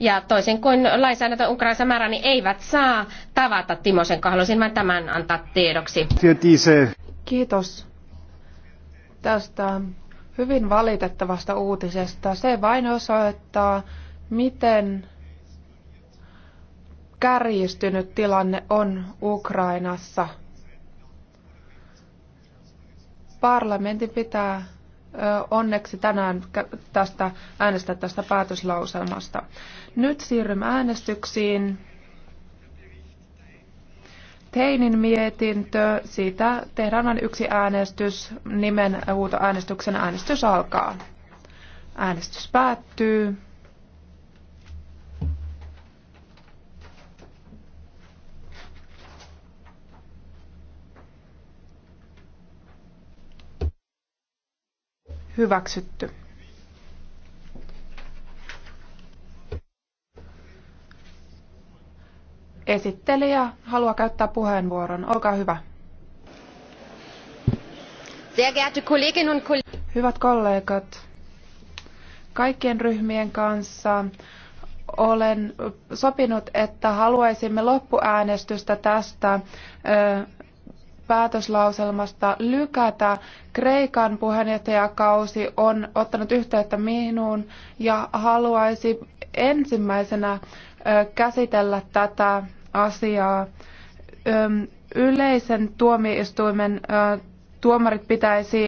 Ja toisin kuin lainsäädäntö Ukrainassa määrä, niin eivät saa tavata Timosen Haluaisin vain tämän antaa tiedoksi. Kiitos tästä hyvin valitettavasta uutisesta. Se vain osoittaa, miten kärjistynyt tilanne on Ukrainassa. Parlamentin pitää onneksi tänään tästä äänestää tästä päätöslauselmasta. Nyt siirrymme äänestyksiin. Teinin mietintö, siitä tehdään vain yksi äänestys, nimen huutoäänestyksen äänestys alkaa. Äänestys päättyy. Hyväksytty. Esittelijä haluaa käyttää puheenvuoron. Olkaa hyvä. Hyvät kollegat, kaikkien ryhmien kanssa olen sopinut, että haluaisimme loppuäänestystä tästä päätöslauselmasta lykätä. Kreikan puheenjohtajakausi on ottanut yhteyttä minuun ja haluaisi ensimmäisenä käsitellä tätä asiaa. Yleisen tuomioistuimen tuomarit pitäisi